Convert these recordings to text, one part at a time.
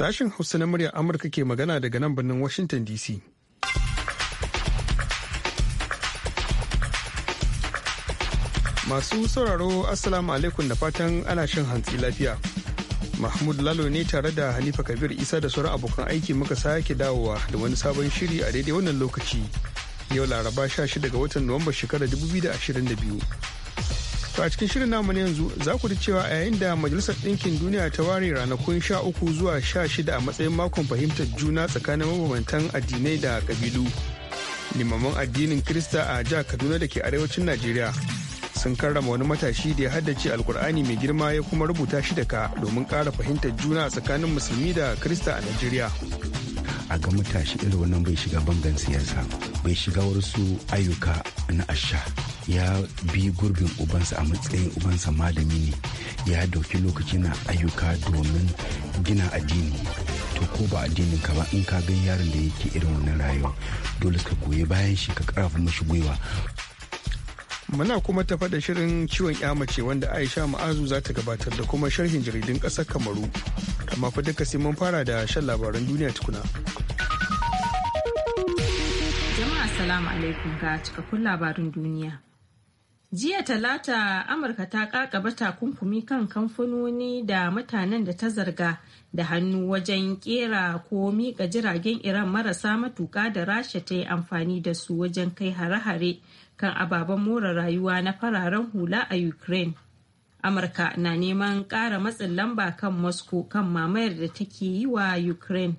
Sashen Hausa na muryar Amurka ke magana daga nan birnin Washington DC. Masu sauraro Assalamu alaikum da fatan ana shan hantsi lafiya. Mahmud Lalo ne tare da Hanifa Kabir Isa da sauran abokan aiki muka sake dawowa da wani sabon shiri a daidai wannan lokaci. Yau Laraba 16 ga watan Nuwamba shekarar 2022. To a cikin shirin namu na yanzu za ku ji cewa a yayin da Majalisar Ɗinkin Duniya ta ware ranakun sha uku zuwa sha shida a matsayin makon fahimtar juna tsakanin mabambantan addinai da ƙabilu. Limaman addinin Kirista a jihar Kaduna da ke arewacin Najeriya sun karrama wani matashi da ya haddace alkur'ani mai girma ya kuma rubuta shi da ka domin kara fahimtar juna tsakanin musulmi da Kirista a Najeriya. a ga matashi irin wannan bai shiga bangan siyasa bai shiga wasu ayyuka na asha ya bi gurbin ubansa a matsayin ubansa malami ne ya dauki lokaci na ayyuka domin gina addini to ko ba addinin ka ba in ka ga yaron da yake irin wannan rayuwa dole ka goyi bayan shi ka karafa mashi gwiwa muna kuma tafa da shirin ciwon mace wanda aisha ma'azu za ta gabatar da kuma sharhin jaridun kasar kamaru amma fa duka sai mun fara da shan labaran duniya tukuna jama'a assalamu alaikum ga cikakkun labarin duniya jiya talata amurka ta kakaba takunkumi kan kamfanoni da mutanen da ta zarga da hannu wajen kera ko miƙa jiragen iran marasa matuƙa da rasha ta yi amfani da su wajen kai hare-hare kan ababen more rayuwa na fararen hula a ukraine amurka na neman ƙara matsin lamba kan moscow kan mamayar da take yi wa ukraine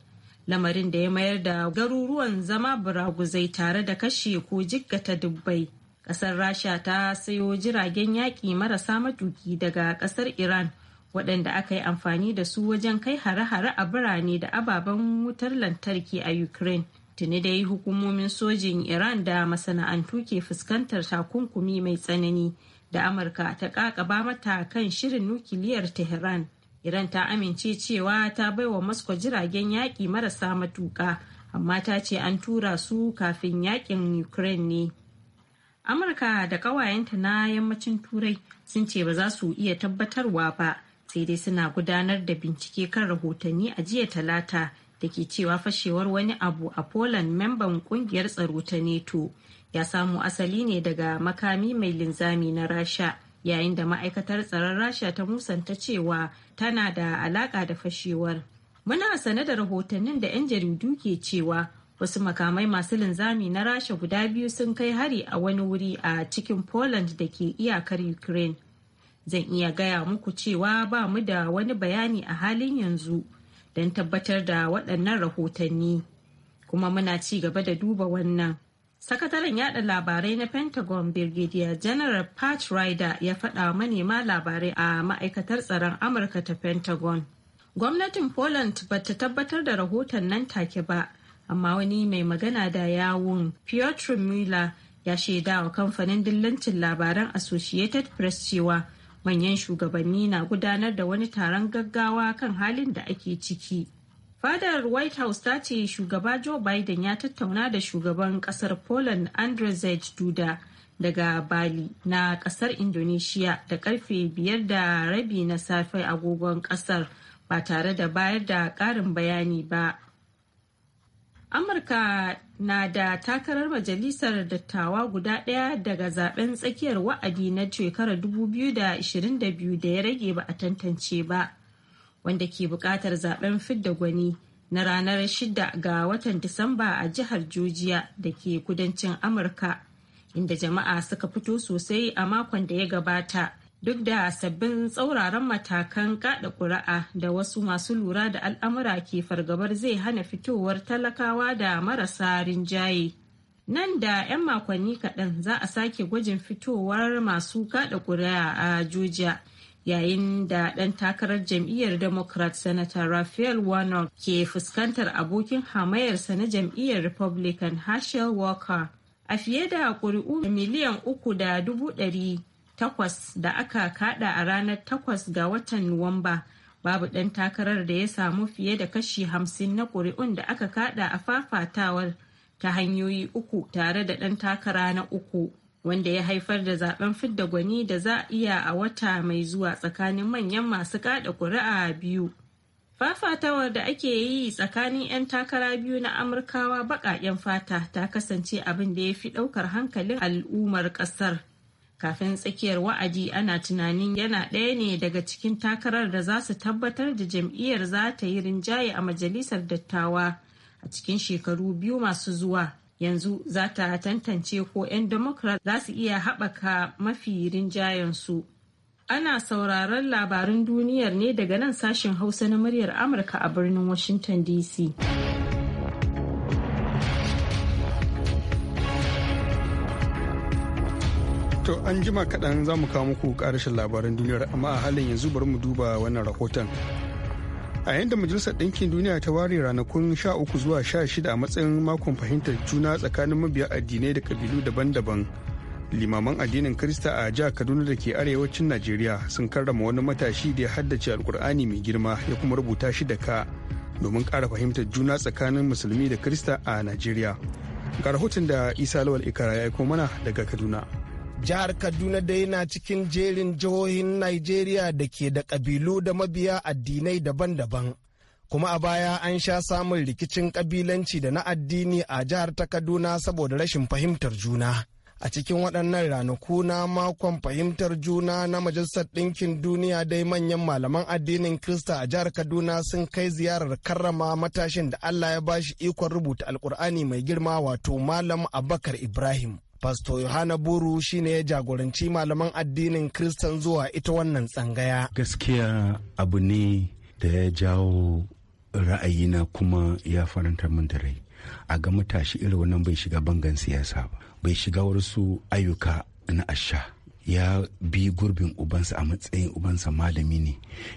lamarin da ya mayar da garuruwan zama buraguzai tare da kashe ko jikkata dubbai Ƙasar Rasha ta sayo jiragen yaƙi marasa matuki daga ƙasar Iran waɗanda aka yi amfani da su wajen kai hare-hare a birane da ababen wutar lantarki a Ukraine. Tuni dai hukumomin sojin Iran da masana'antu ke fuskantar takunkumi mai tsanani da Amurka ta ƙaƙaba mata kan shirin nukiliyar Tehran. Iran ta amince cewa ta baiwa Moscow jiragen yaƙi marasa matuka, amma ta ce an tura su kafin yaƙin Ukraine ne. amurka da ƙawayenta na yammacin turai sun ce ba za su iya tabbatarwa ba sai dai suna gudanar da bincike kan rahotanni a jiya talata da ke cewa fashewar wani abu a poland memban kungiyar tsaro ta neto ya samu asali ne daga makami mai linzami na rasha yayin da ma'aikatar tsaron rasha ta musanta cewa tana da alaka da fashewar muna sane da rahotannin da 'yan jaridu ke cewa wasu makamai masu linzami na rasha guda biyu sun kai hari a wani wuri a cikin poland da ke iyakar ukraine zan iya gaya muku cewa ba mu da wani bayani a halin yanzu don tabbatar da waɗannan rahotanni kuma muna ci gaba da duba wannan sakataren yada labarai na pentagon brigadier general pat ryder ya faɗa manema labarai a ma'aikatar tsaron amurka ta pentagon gwamnatin poland ba ta tabbatar da rahoton nan take ba amma wani mai magana da yawun piotr miller ya shaida wa kamfanin dillancin labaran associated press cewa manyan shugabanni na gudanar da wani taron gaggawa kan halin da ake ciki fadar white house ta ce shugaba joe biden ya tattauna da shugaban kasar poland andrzej duda daga bali na kasar indonesia da karfe biyar da rabi na safe agogon kasar ba tare da bayar da karin bayani ba amurka na da takarar majalisar dattawa guda ɗaya daga zaben tsakiyar wa'adi na shekarar 2022 da ya rage ba a tantance ba wanda ke buƙatar zaben fidda gwani na ranar 6 ga watan disamba a jihar georgia da ke kudancin amurka inda jama'a suka fito sosai a makon da ya gabata duk da sabbin tsauraran matakan kada kuri'a da wasu masu lura da al'amura ke fargabar zai hana fitowar talakawa da marasa rinjaye nan da 'yan makonni kaɗan za a sake gwajin fitowar masu kada kuri'a a Juja, yayin da ɗan takarar jam'iyyar democrat senator raphael warnock ke fuskantar abokin hamayarsa na jam'iyyar republican herschel walker a fiye da ƙuri'u miliyan uku da dubu ɗari takwas da aka kada a ranar takwas ga watan Nuwamba babu ɗan takarar da ya samu fiye da kashi hamsin na ƙuri'un da aka kada a fafatawar ta hanyoyi uku tare da ɗan takara na uku wanda ya haifar da zaben fidda gwani da za a iya a wata mai zuwa tsakanin manyan masu kada ƙuri'a biyu. fafatawar da ake yi tsakanin 'yan takara biyu na amurkawa baƙaƙen fata ta kasance abin da ya fi ɗaukar hankalin al'ummar ƙasar kafin tsakiyar wa'adi ana tunanin yana ɗaya ne daga cikin takarar da za su tabbatar da jam'iyyar za ta yi rinjaye a majalisar dattawa a cikin shekaru biyu masu zuwa yanzu za ta tantance ko 'yan democrat za su iya haɓaka mafi rinjayensu ana sauraron labarin duniyar ne daga nan sashen hausa na muryar amurka a birnin washington dc To an jima kaɗan za mu kawo muku ƙarashin labaran duniyar amma a halin yanzu bari mu duba wannan rahoton. A yadda Majalisar Ɗinkin Duniya ta ware ranakun sha uku zuwa sha shida a matsayin makon fahimtar juna tsakanin mabiya addinai da ƙabilu daban-daban. Limaman addinin krista a jihar Kaduna da ke arewacin Najeriya sun karrama wani matashi da ya haddace Alkur'ani mai girma ya kuma rubuta shi da ka domin ƙara fahimtar juna tsakanin Musulmi da krista a Najeriya. Ga rahoton da Isa Lawal Ikara ya aiko mana daga Kaduna. jihar kaduna da yana cikin jerin jihohin Najeriya da ke da kabilu da mabiya addinai daban-daban kuma a baya an sha samun rikicin kabilanci da na addini a jihar ta kaduna saboda rashin fahimtar juna a cikin waɗannan ranaku na makon fahimtar juna na majalisar ɗinkin duniya dai manyan malaman addinin krista a jihar kaduna sun kai ziyarar karrama matashin da allah ya bashi ikon rubuta alkur'ani mai girma wato malam abakar ibrahim Pasto Yohana Buru shine ya jagoranci malaman addinin Kristan zuwa ita wannan tsangaya. Gaskiya abu ne da ya jawo ra'ayina kuma ya faranta min da rai. A ga matashi irin wannan bai shiga bangan siyasa ba, bai shiga wasu ayyuka na asha. ya bi gurbin ubansa a matsayin ubansa malami ne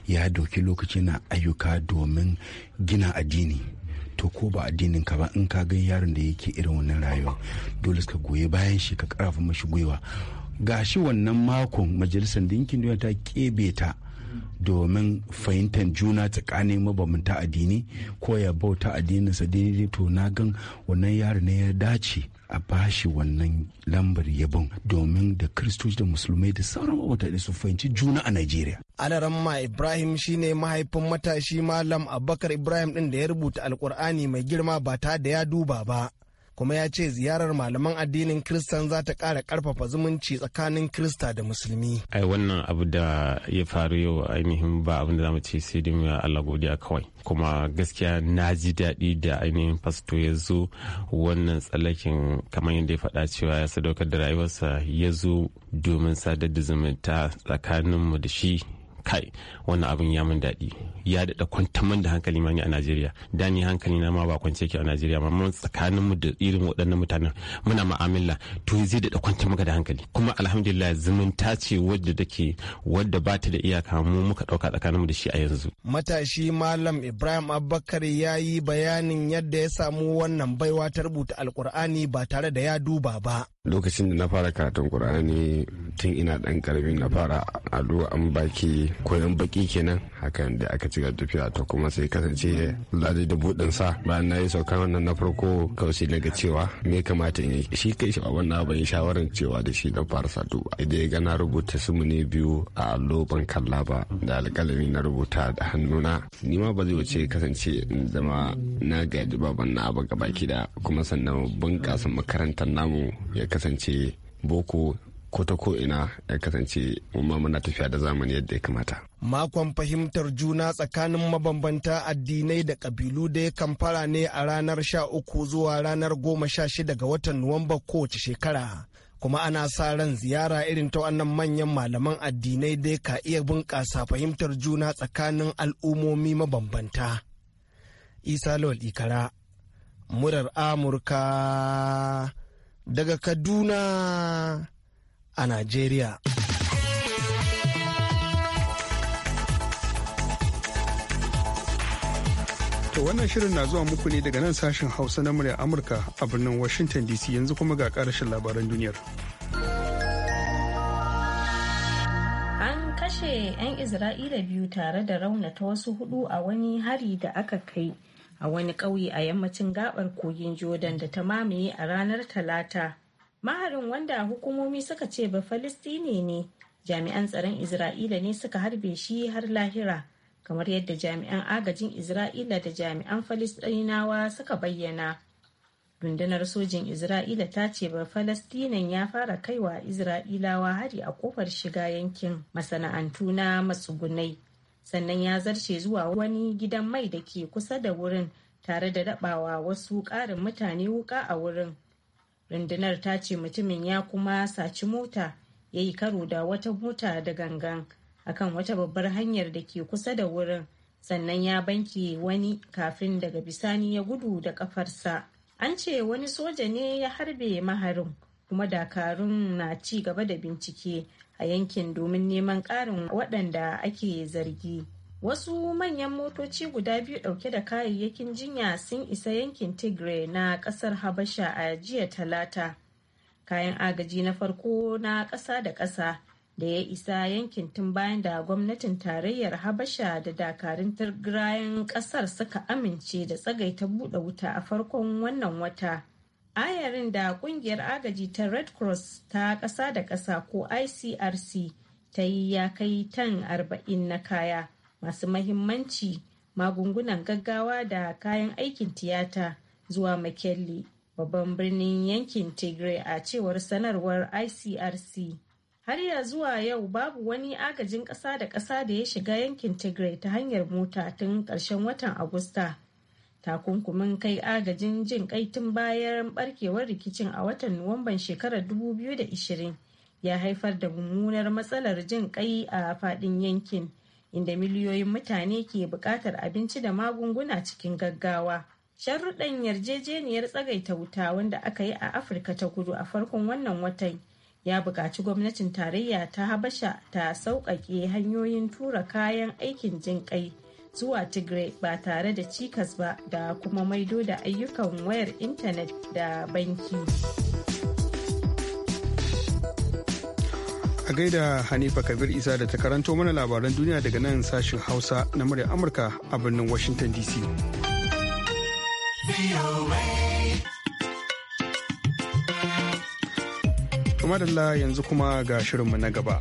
ya doki lokaci na ayyuka domin gina addini to ko ba addinin ka ba in ka ga yaron da yake irin wannan rayuwa dole ka goyi bayan shi ka karafa mashi gwiwa gashi wannan makon majalisar dinkin duniya ta kebe ta domin fahimtar juna tsakanin mabambanta addini ko ya bauta addininsa daidai to na gan wannan yaro ne ya dace a bashi wannan lambar yabon domin da kristoci da musulmai da sauran mutane su fahimci juna a Najeriya. Alaramma Ibrahim shine mahaifin matashi Malam Abubakar Ibrahim din da ya rubuta Alkur'ani mai girma ba ta da ya duba ba. kuma ya ce ziyarar malaman addinin kristan za ta ƙara ƙarfafa zumunci tsakanin krista da musulmi ai wannan abu da ya faru yau ainihin ba abin da zamu ce sai dai mu Allah godiya kawai kuma gaskiya na ji daɗi da ainihin fasto ya zo wannan tsallakin kamar yadda ya faɗa cewa ya sadaukar da rayuwarsa ya zo domin sadar da zumunta tsakaninmu da shi kai wannan abin ya mun daɗi ya daɗa kwantaman da hankali ma ni a najeriya da ni hankali na ma ba kwance ke a najeriya ma mun tsakanin mu da irin waɗannan mutanen muna ma'amala to zai daɗa kwanta maka da hankali kuma alhamdulillah zumunta ce wadda take wadda ba ta da iyaka mu muka ɗauka tsakanin mu da shi a yanzu. matashi malam ibrahim abubakar ya yi bayanin yadda ya samu wannan baiwa ta rubuta alkur'ani ba tare da ya duba ba lokacin da na fara karatun kur'ani tun ina dan karami na fara addu'a an baki koyon baki kenan hakan da aka ci tafiya to kuma sai kasance ladi da budin sa bayan na yi saukan wannan na farko kausi daga cewa me kamata in yi shi kai shi wannan abin shawaran cewa da shi dan fara sadu idan ya gana rubuta sumu ne biyu a allo ban kalla ba da alƙalami na rubuta da hannuna ni ma ba zai wuce kasance in zama na gaji baban na abu gaba da kuma sannan bunƙasa makarantar namu ya kasance boko ko ta ko ina ya kasance muna tafiya da zamani yadda ya kamata. Makon fahimtar juna tsakanin mabambanta addinai da kabilu da ya kamfara ne a ranar sha uku zuwa ranar goma sha shida ga watan Nuwamba kowace shekara. kuma ana sa ran ziyara irin ta wannan manyan malaman addinai dai ka iya bunƙasa fahimtar juna tsakanin al'ummomi mabambanta. Isa Lawal Ikara, murar Amurka daga Kaduna a Najeriya. To wannan shirin na zuwa muku ne daga nan sashen Hausa na murya Amurka a birnin Washington DC yanzu kuma ga karashin labaran duniyar. An kashe 'yan Isra'ila biyu tare da raunata wasu hudu a wani hari da aka kai. a wani ƙauye a yammacin gabar kogin jordan da ta mamaye a ranar talata maharin wanda hukumomi suka ce ba falistini ne jami'an tsaron isra'ila ne suka harbe shi har lahira kamar yadda jami'an agajin isra'ila da jami'an falistinawa suka bayyana rundunar sojin isra'ila ta ce ba falastinan ya fara kaiwa isra'ilawa hari a kofar shiga yankin masana'antu na matsugunai sannan ya zarce zuwa wani gidan mai da ke kusa da wurin tare da dabawa wasu ƙarin mutane wuka a wurin rundunar ta ce mutumin ya kuma saci mota ya yi karo da wata mota da gangan akan wata babbar hanyar da ke kusa da wurin sannan ya banke wani kafin daga bisani ya gudu da kafarsa an ce wani soja ne ya harbe maharin kuma dakarun na ci gaba da bincike a yankin domin neman ƙarin waɗanda ake zargi. Wasu manyan motoci guda biyu ɗauke da kayayyakin jinya sun isa yankin Tigray na ƙasar Habasha a jiya talata. Kayan agaji na farko na ƙasa da ƙasa da ya isa yankin tun bayan da gwamnatin tarayyar Habasha da dakarun Tigrayan ƙasar suka amince da tsagaita buɗe wuta a farkon wannan wata. ayarin da kungiyar agaji ta red cross ta ƙasa da ƙasa ko icrc ta yi ya kai tan arba'in na kaya masu mahimmanci magungunan gaggawa da kayan aikin tiyata zuwa makelli babban birnin yankin tigray a cewar sanarwar icrc har ya zuwa yau babu wani agajin ƙasa da ƙasa da ya shiga yankin tigray ta hanyar mota tun ƙarshen watan agusta takunkumin kai agajin jin kai bayan barkewar rikicin a watan nuwamban shekarar 2020 ya haifar da mummunar matsalar jin kai a fadin yankin inda miliyoyin mutane ke buƙatar abinci da magunguna cikin gaggawa sharuɗan yarjejeniyar tsagaita wuta wanda aka yi a afirka ta kudu a farkon wannan watan ya buƙaci gwamnatin tarayya ta habasha ta sauƙaƙe hanyoyin tura kayan aikin jinƙai. zuwa Tigray ba tare da cikas ba da kuma maido da ayyukan wayar intanet da banki. A gaida Hanifa Kabir Isa da ta karanto mana labaran duniya daga nan sashen Hausa na murya Amurka a birnin Washington DC. Kuma da yanzu kuma ga shirinmu na gaba.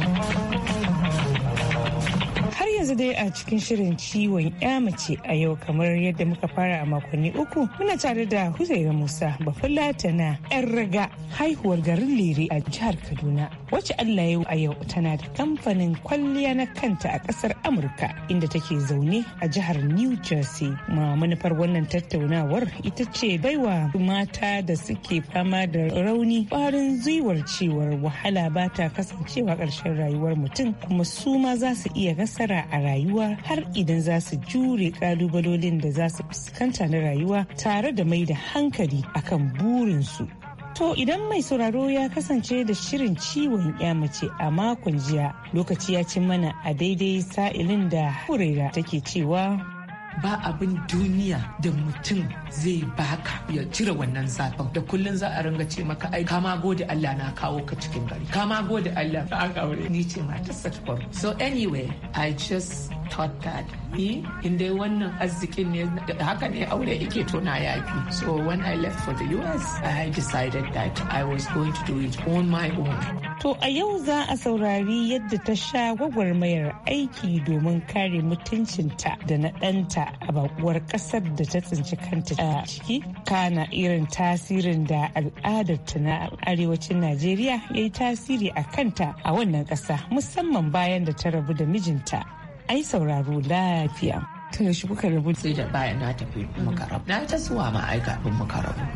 dai a cikin shirin ciwon ya mace a yau kamar yadda muka fara a makonni uku muna tare da Huzaira Musa tana yan raga haihuwar garin Lere a jihar Kaduna wacce Allah ya a yau tana da kamfanin kwalliya na kanta a kasar Amurka inda take zaune a jihar New Jersey. Ma manufar wannan tattaunawar ita ce baiwa mata da suke fama da rauni ƙwarin zuiwar cewar wahala ba ta kasancewa ƙarshen rayuwar mutum kuma su ma za su iya gasara a rayuwa har idan za su jure kalubalolin da za su fuskanta na rayuwa tare da mai da hankali akan burinsu To idan mai sauraro ya kasance da shirin ciwon ya mace a makon jiya lokaci ya ci mana a daidai sa'ilin da hurera take cewa ba abin duniya da mutum zai baka ya cire wannan zafin da kullun za a ringa ce maka ai kama gode Allah na kawo ka cikin gari kama gode Allah na aure ni ce mata ta so anyway i just thought that ni in dai wannan arzikin ne haka ne aure yake tona yafi so when i left for the us i decided that i was going to do it on my own To a yau za a saurari yadda ta sha gwagwarmayar aiki domin kare mutuncinta da na ɗanta a bakuwar ƙasar da ta tsinci kanta a ciki kana irin tasirin da al'adarta na arewacin Najeriya ya yi tasiri a kanta a wannan ƙasa musamman bayan da ta rabu da mijinta. Ai sauraro lafiya. tun da shi kuka rabu sai da baya na tafi muka na ta zuwa ma ai kafin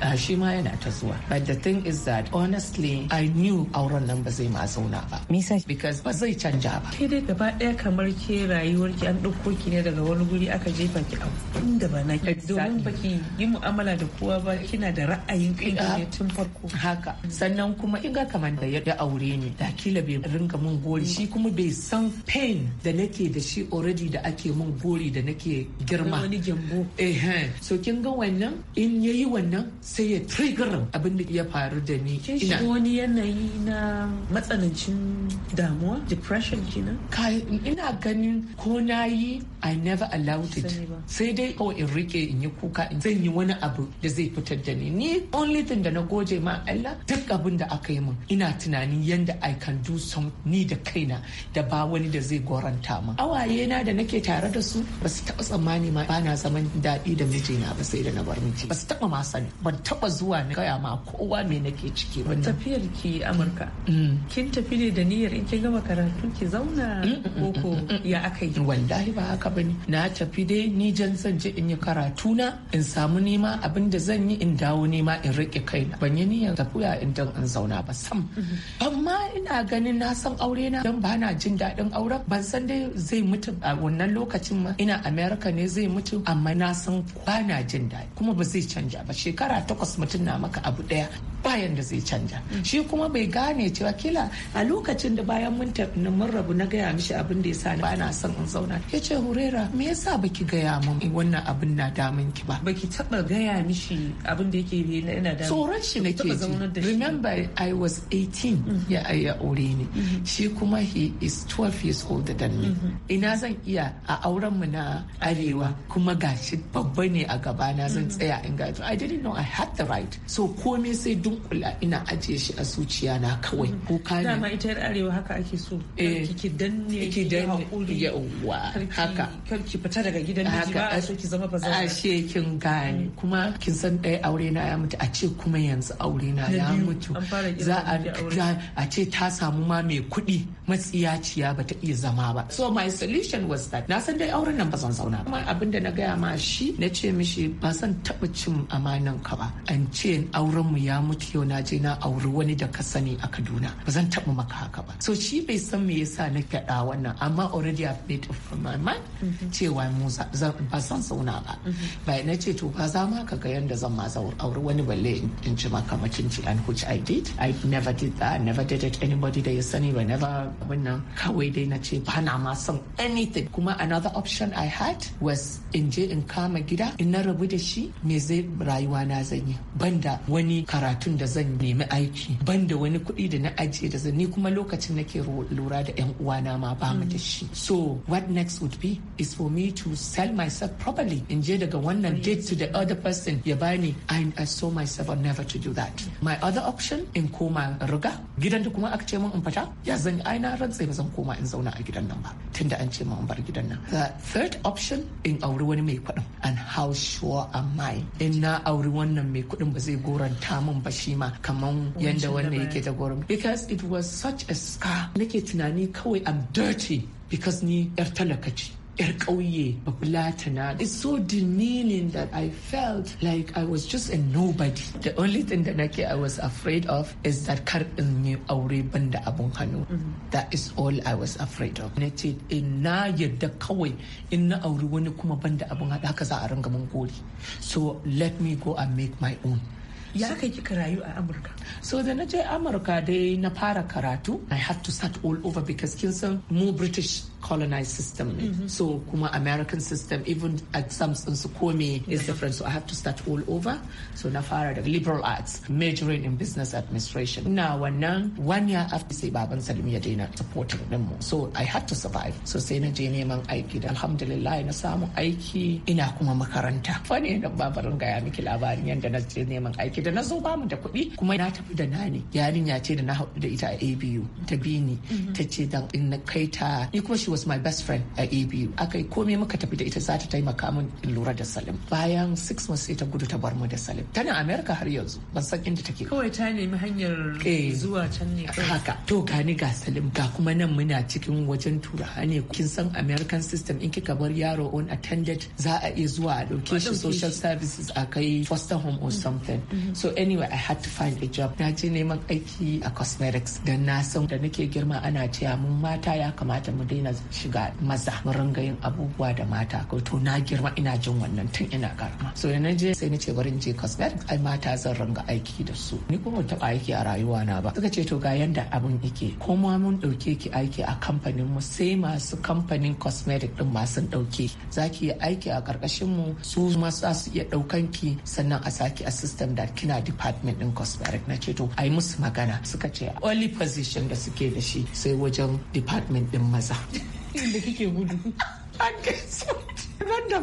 ah, shi ma yana ta zuwa but the thing is that honestly i knew auren nan ba zai ma zauna ba me because ba zai canja ba ke dai gaba daya kamar ke rayuwar ki an dauko ki ne daga wani guri aka jefa ki a inda ba na ki domin baki yi mu'amala da kowa ba kina da ra'ayin kanki ne ah, tun farko haka sannan kuma kin ga kamar da ya aure ni da kila bai ringa mun gori shi kuma bai san pain da nake da shi already da ake mun gori da nake yake girma wani gyambo eh so kin ga wannan in yayi wannan sai ya trigger abin da ya faru da ni ina. wani yanayi na matsanancin damuwa depression kina. kai ina ganin ko nayi i never allowed it sai dai ko in rike in yi kuka in zan yi wani abu da zai fitar da ni ni only thing da na goje ma Allah duk abin da aka yi min ina tunanin yanda i can do some ni da kaina da ba wani da zai goranta min awaye na da nake tare da su ba su taɓa tsammani ma bana zaman daɗi da mijina ba sai da na bar miji ba su taɓa ma sani ban taɓa zuwa na gaya ma kowa me nake ciki ba tafiyar ki amurka mm. kin tafi ne da niyyar in kin gama karatu ki zauna koko mm, mm, ya aka yi wallahi ba haka bane na tafi dai ni jan zan je in yi karatu na in samu nema abin da zan yi in dawo nema in riƙe kaina ban yi niyyar tafiya in dan in zauna ba sam mm-hmm. amma ina ganin na san aure na dan bana jin daɗin auren ban san dai zai mutu a wannan lokacin ma ina a ɗayarka ne zai mutu amma na san kwana jin daɗi kuma ba zai canja ba shekara takwas mutum na maka abu ɗaya bayan da zai canja shi kuma bai gane cewa kila a lokacin da bayan mun tafi mun rabu na gaya mishi abin da yasa ba na son in zauna ya ce hurera me yasa baki gaya min wannan abin na damun ki ba baki taba gaya mishi abin da yake yi yana damun tsoron shi nake ji remember i was 18 mm-hmm. ya ayya aure ni mm-hmm. shi kuma he is 12 years older than me mm-hmm. ina zan iya a auren mu na arewa kuma gashi babba ne a gaba na zan tsaya in gaji i didn't know i had the right so komai sai dun kula ina ajiye shi a zuciya na kawai mm. kuka ne dama ita yar arewa haka ake so eh. ki danne ki hakuri uwa haka kar fita daga gidan miji ba a so ki zama a she kin gane mm. kuma kin san dai aure na ya mutu a ce kuma yanzu aure na ya mutu za a ce ta samu ma mai kuɗi matsiyaciya ba ta iya zama ba so my solution was that na san dai auren nan ba zan zauna ba abin da na gaya ma shi na ce mishi ba san taɓa cin amanan ka ba an ce auren mu ya mutu yau na je na auri wani da ka sani a Kaduna ba zan taɓa maka haka ba so shi bai san me yasa na kyaɗa wannan amma already I've made up from my mind mhm. cewa mu ba san zauna ba mhm. bai na ce to ba za ma ka ga yanda zan ma auri wani balle in ci maka mutunci and which I did I never did that I never did it anybody da ya sani ba never wannan kawai dai na ce ba na ma son anything kuma another option I had was in je in kama gida in na rabu da shi me zai rayuwa na zan yi banda wani karatun da zan nemi aiki ban da wani kuɗi da na ajiye da zan ni kuma lokacin nake lura da yan uwana ma ba mu da mm. shi so what next would be is for me to sell myself properly in je daga wannan date to the other person ya bani I, I saw myself I'm never to do that my other option in koma riga gidan da kuma aka ce min in fita ya zan ai na rantse ba zan koma in zauna a gidan nan ba tunda an ce mu in bar gidan nan the third option in auri wani mai kuɗin and how sure am I in na auri wannan mai kuɗin ba zai goranta min ba Fukushima kaman yanda wannan yake jagoran because it was such a scar nake tunani kawai I'm dirty because ni yar talaka ce yar ƙauye babulatana it's so demeaning that i felt like i was just a nobody the only thing that nake i was afraid of is that kar in yi aure banda abun hannu mm-hmm. that is all i was afraid of na ce na yadda kawai in na aure wani kuma banda abun hada haka za a ringa mun gori so let me go and make my own ya kai kika rayu a amurka so da na je amurka dai na fara karatu i had to start all over because kin san mu british colonized system ne mm -hmm. so kuma american system even at din su kome is different so i have to start all over so na fara da liberal arts majoring in business administration na wannan one year after sai baban salim ya daina supporting din mu so i had to survive so sai na je neman aiki da alhamdulillah na samu aiki ina kuma makaranta fane da babarin gaya miki labarin yadda na je neman aiki da na zo bamu da kuɗi kuma na tafi da nani yarinya ce da na haɗu da ita a abu ta bini ni mm-hmm. ta ce dan in na kai ta ni kuma shi was my best friend a ABU aka yi komai muka tafi da ita za ta taimaka min in lura da Salim bayan 6 months sai ta gudu ta bar mu da Salim tana America har yanzu ban san inda take kawai ta nemi hanyar eh. zuwa can ne haka to gani ga Salim ga kuma nan muna cikin wajen tura ne kin san American system in kika bar yaro on attended za a iya zuwa a dauke shi social services a kai foster home or mm. something mm-hmm. so anyway I had to find a job na je neman aiki a cosmetics dan na san da nake girma ana cewa mun mata ya kamata mu daina shiga maza mu ringa yin abubuwa da mata ko to na girma ina jin wannan tun ina karama so da na je sai na ce barin je cosmetic. ai mata zan ringa aiki da su ni kuma taba aiki a rayuwa na ba suka ce to ga yanda abin yake ma mun dauke ki aiki a kamfanin mu sai masu kamfanin cosmetic din ma sun dauke zaki yi aiki a karkashin mu su ma za su iya daukan ki sannan a saki a system da kina department din cosmetic na ce to ai musu magana suka ce only position da suke da shi sai wajen department din maza inda kike gudu an gaisuwa ran da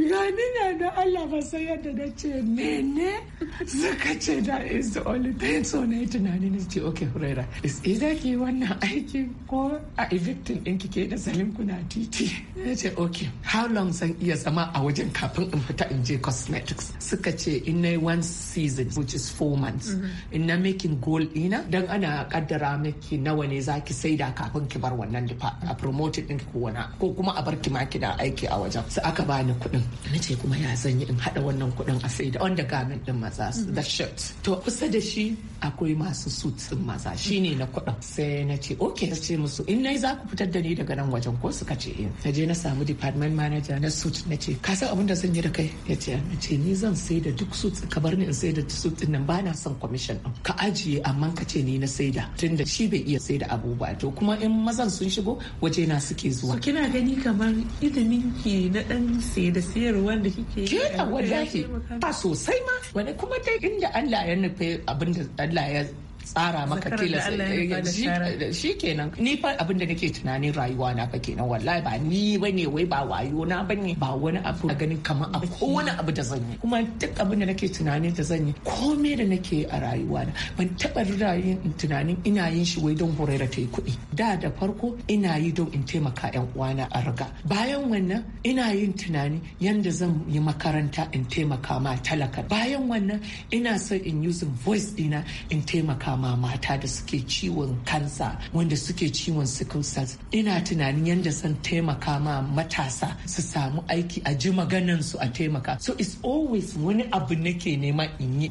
yarinya da Allah ba sai yadda da ce mene suka ce da is the only thing so na yi tunani na ce okay hurera is either ki wannan aikin ko a evictin din kike da salim kuna titi na ce okay how long zan iya zama a wajen kafin in fita in je cosmetics suka ce in na one season which is four months mm-hmm. in na making goal ina dan ana kaddara miki nawa ne zaki saida kafin ki bar wannan a promoted din ko wani ko kuma a bar ki ma da aiki a wajen su aka bani kuɗin na ce kuma ya zan yi in haɗa wannan kuɗin a sai da undergarment din maza da mm-hmm. shirt to kusa da shi akwai masu suit in maza shine na kudin sai na ce okay na ce musu in nai za ku fitar da ni daga nan wajen ko suka ce in eh. na je na samu department manager na suit na ce ka san abin da zan yi da kai ya ce na ce ni zan sai da duk suit ka bar ni in sai da suit din nan bana son commission din ka ajiye amma ka ce ni na sai da tunda shi bai iya sai da abubuwa to kuma in mazan sun shigo waje na suke zuwa kina gani kamar ilimin ki na ɗan sai da sai ciyarwar da kike ke ke wallahi ba sosai ma wani kuma dai inda Allah ya nufi abinda Allah ya tsara maka tilasta eh, shi eh, kenan ni fa abin da nake tunanin rayuwa na fa kenan wallahi ba ni bane wai ba wayo na bane ba wani abu a ganin kamar a kowane abu da zan yi kuma duk abin da nake tunanin da zan yi komai da nake a rayuwa na ban taba tunanin ina yin shi wai don horaira ta yi kuɗi da da farko ina yi don in taimaka yan uwana a raga bayan wannan ina yin tunani yanda zan yi makaranta in taimaka ma talaka bayan wannan ina son in using voice dina in taimaka ma mata da suke ciwon kansa wanda suke ciwon sickle cells ina tunanin yadda san taimaka ma matasa su samu aiki a ji maganan su a taimaka so it's always wani abu nake nema in yi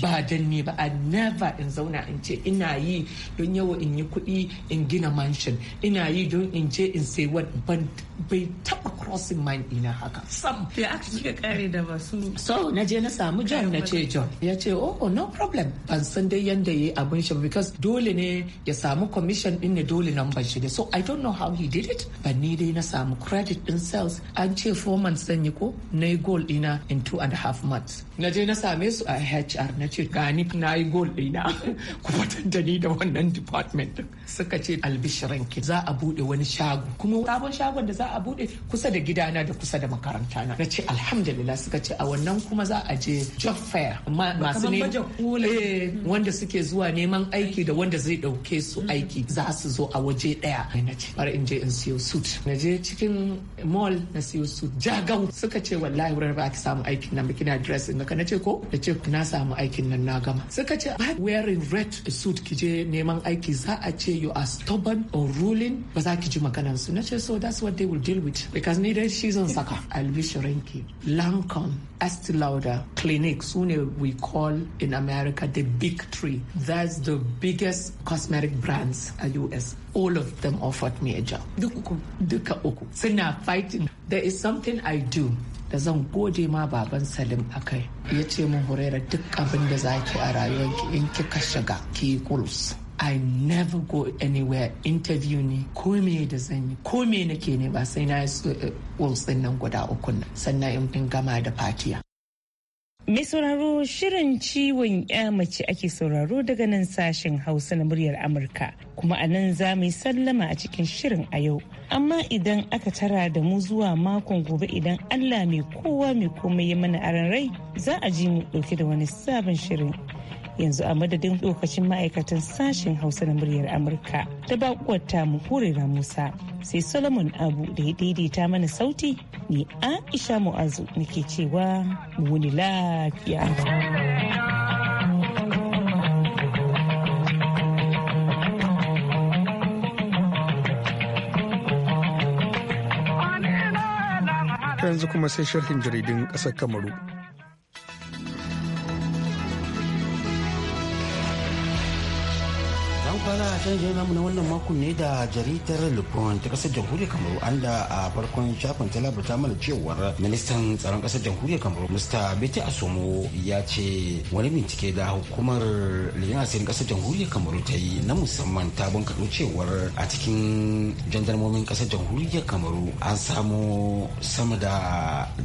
ba dan ne ba i never in zauna in ce ina yi don yawa in yi kuɗi in gina mansion ina yi don in je in sai what ban bai taba crossing mind ina haka sam ya aka kika kare da masu so na je na samu john na ce john ya ce oh no problem ban san dai san da yi abin shi because dole ne ya samu commission din ne dole nan ban shi so i don't know how he did it but ni dai na samu credit din sales an ce four months zan yi ko na yi goal dina in two and a half months na je na same su a HR na ce gani na yi goal dina ku da ni da wannan department din suka ce albishiranki za a bude wani shago kuma sabon shagon da za a bude kusa da gidana da kusa da makaranta na ce alhamdulillah suka ce a wannan kuma za a je job fair masu ne eh, wanda suke suke zuwa neman aiki da wanda zai ɗauke su mm. aiki za su zo a waje ɗaya na bar in je in siyo suit na je cikin mall na siyo suit jagau suka ce wallahi wurin ba ki samu aikin nan ba kina dress in ka na ce ko na ce na samu aikin nan na gama suka ce ba wearing red suit ki je neman aiki za a ce you are stubborn or ruling ba za ki ji maganansu. su na ce so that's what they will deal with because ni dai shi zan saka albishirinki lancome estee lauder clinic su ne we call in america the big three Burberry. That's the biggest cosmetic brands a uh, US. All of them offered me a job. Duk uku. Duka uku. Suna fighting. There is something I do da zan gode ma baban salim a kai ya ce min huraira duk abin da za ki a rayuwarki in kika shiga ki kulus I never go anywhere interview ne ko da zan yi ko na nake ne ba sai na yi kulus eh, nan guda uku sannan in gama da fatiya Mai sauraro shirin ciwon ya mace ake sauraro daga nan sashen Hausa na muryar Amurka. Kuma a nan za mu yi sallama a cikin shirin a yau. Amma idan aka tara da mu zuwa makon gobe idan Allah mai kowa mai komai ya mana aran rai za a ji mu dauke da wani sabon shirin. yanzu a madadin lokacin ma'aikatan sashen hausa na muryar amurka da bakuwar mu hurera musa sai solomon abu da ya daidaita mana sauti ni aisha mu'azu nake cewa wuni lafiya yanzu kuma sai sharhin jaridun ƙasar kamaru fara canjin namu na wannan makon ne da jaridar Le ta kasar jamhuriyar Kamaru an da a farkon shafin ta labarta mana cewar ministan tsaron kasar jamhuriyar Kamaru Mr. Bete Asomo ya ce wani bincike da hukumar Lina Asirin kasar jamhuriyar Kamaru ta yi na musamman ta bunkado cewar a cikin jandarmomin kasar jamhuriyar Kamaru an samu sama da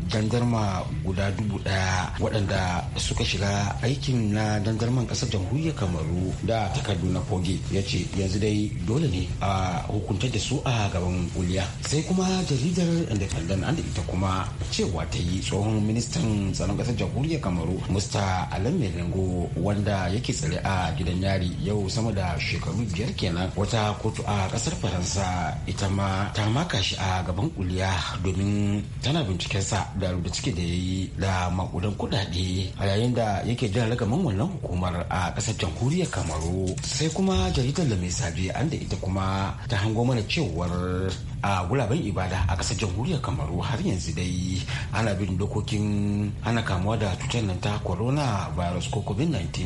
jandarma guda dubu ɗaya waɗanda suka shiga aikin na jandarman kasar jamhuriyar Kamaru da takardu na foge ya ce yanzu dai dole ne a hukuntar da su a gaban kuliya sai kuma jaridar independent an da ita kuma cewa ta yi tsohon ministan tsaron ƙasar jamhuriyar kamaru musta alam melengo wanda yake tsare a gidan yari yau sama da shekaru biyar kenan wata kotu a ƙasar faransa ita ma ta maka shi a gaban kuliya domin tana bincikensa da rubuta da ya yi da makudan kudade a yayin da yake jin ragaman wannan hukumar a ƙasar jamhuriyar kamaru sai kuma jaridar da mai sabi an da ita kuma ta hango mana cewar a gulaben ibada a ƙasar jamhuriyar kamaru har yanzu dai ana bin dokokin ana kamuwa da cutar nan ta corona virus ko covid-19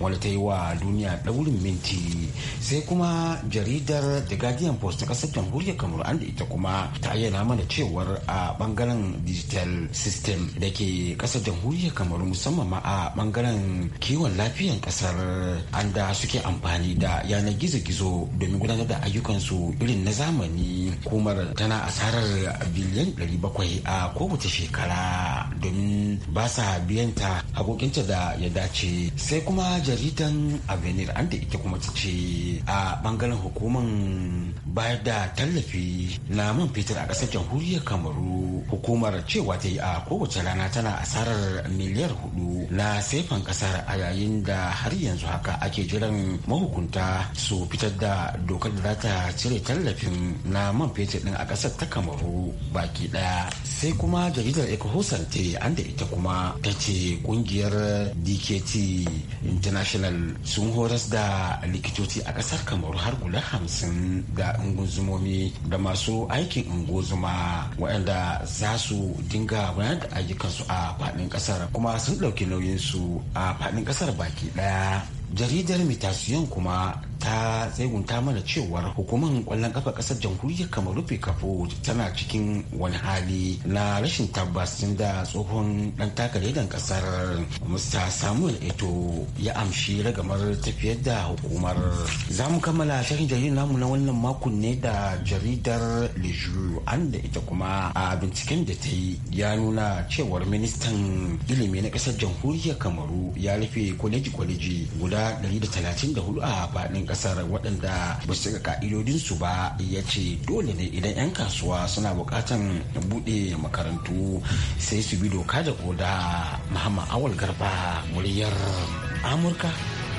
wanda ta yi wa duniya ɗaurin minti sai kuma jaridar the guardian post ta ƙasar jamhuriyar kamaru an da ita kuma ta ayyana mana cewar a bangaren digital system da ke ƙasar jamhuriyar kamaru musamman ma a bangaren kiwon lafiyan ƙasar an da suke amfani da yanar gizo-gizo domin gudanar da ayyukansu irin na zamani hukumar tana asarar biliyan 700 a kowace shekara domin ba sa biyanta hakokinta da ya dace sai kuma jaridan avenir an da ita kuma ta ce a bangaren hukumar bayar da tallafi na man fetur a ƙasar jamhuriyar kamaru hukumar cewa ta yi a kowace rana tana asarar miliyar hudu na saifan ƙasar a yayin da har yanzu haka ake jiran mahukunta su fitar da dokar da za ta cire tallafin na man Fete fetur din a kasar ta kamaru baki daya sai kuma jaridar ecohosan anda an da ita kuma ta ce kungiyar dkt international sun horas da likitoci a kasar kamaru har guda hamsin da unguzumomi da masu aikin unguzuma waɗanda za su dinga gudanar da ayyukansu a faɗin kasar kuma sun ɗauki nauyinsu a faɗin kasar baki daya jaridar mitasiyon kuma ta tsegunta mana cewar hukumar kwallon kafa kasar jamhuriyar kamaru kafo tana cikin wani hali na rashin tabbas da tsohon dan takaradan kasar mr samuel eto ya amshi ragamar tafiyar da hukumar za mu kammala shirin jaridar namu na wannan makon ne da jaridar leju an ita kuma a binciken da ta yi ya nuna cewar ministan ilimi na kasar jamhuriyar kamaru ya rufe kwaleji-kwaleji guda 134 a faɗin kasar waɗanda ba su cika ka'idodinsu ba ya ce dole ne idan 'yan kasuwa suna buƙatan buɗe makarantu sai su bi doka da koda muhammad awal garba muryar amurka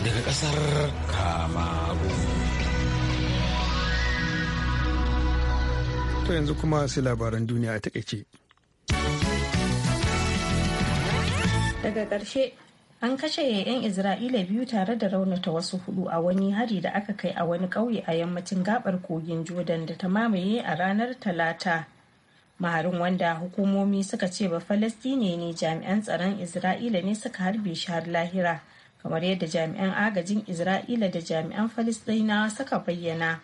daga kasar kamaru to yanzu kuma sai labaran duniya a takaice daga ƙarshe an kashe 'ya'yan isra'ila biyu tare da raunata wasu hudu a wani hari da aka kai a wani ƙauye a yammacin gabar kogin jordan da ta mamaye a ranar talata maharin wanda hukumomi suka ce ba falastine ne jami'an tsaron isra'ila ne suka harbe shi har lahira kamar yadda jami'an agajin isra'ila da jami'an falastina suka bayyana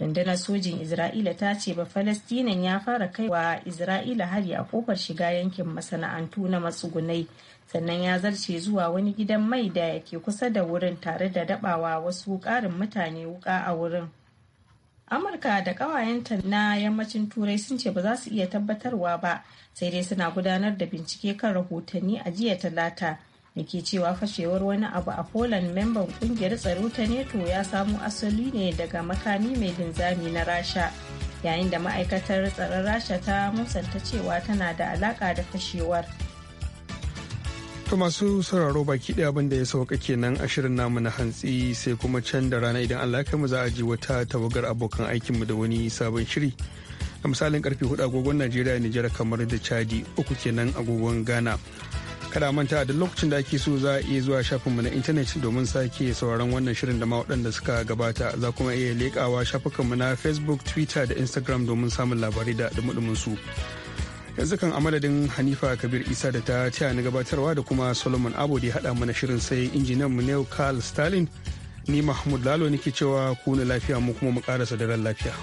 rundunar sojin isra'ila ta ce ba falastinan ya fara kaiwa isra'ila hari a kofar shiga yankin masana'antu na matsugunai sannan ya zarce zuwa wani gidan mai da ke kusa da wurin tare da dabawa wasu karin mutane wuka a wurin amurka da kawayenta na yammacin turai sun ce ba za su iya tabbatarwa ba sai dai suna gudanar da bincike kan rahotanni a jiya talata da ke cewa fashewar wani abu a poland memban kungiyar tsaro ta neto ya samo asali ne daga makami mai linzami na rasha yayin da ma'aikatar tsaron rasha ta musanta cewa tana da alaka da fashewar To masu sauraro baki ɗaya abin ya sauka kenan a shirin namu na hantsi sai kuma can da rana idan Allah kai mu za a ji wata tawagar abokan aikinmu da wani sabon shiri. A misalin karfe hudu agogon Najeriya Nijar kamar da Chadi uku kenan agogon Ghana. Kada manta a duk lokacin da ake so za a iya zuwa shafinmu na intanet domin sake sauraron wannan shirin da ma waɗanda suka gabata za kuma iya leƙawa shafukanmu na Facebook, Twitter da Instagram domin samun labarai da dumudumin su. yanzu kan madadin hanifa kabir isa da ta taya na gabatarwa da kuma solomon abu da haɗa mana shirin sai injinan mu neo carl stalin ni mahmud lalo nake cewa kuna lafiya mu kuma mu karasa daren lafiya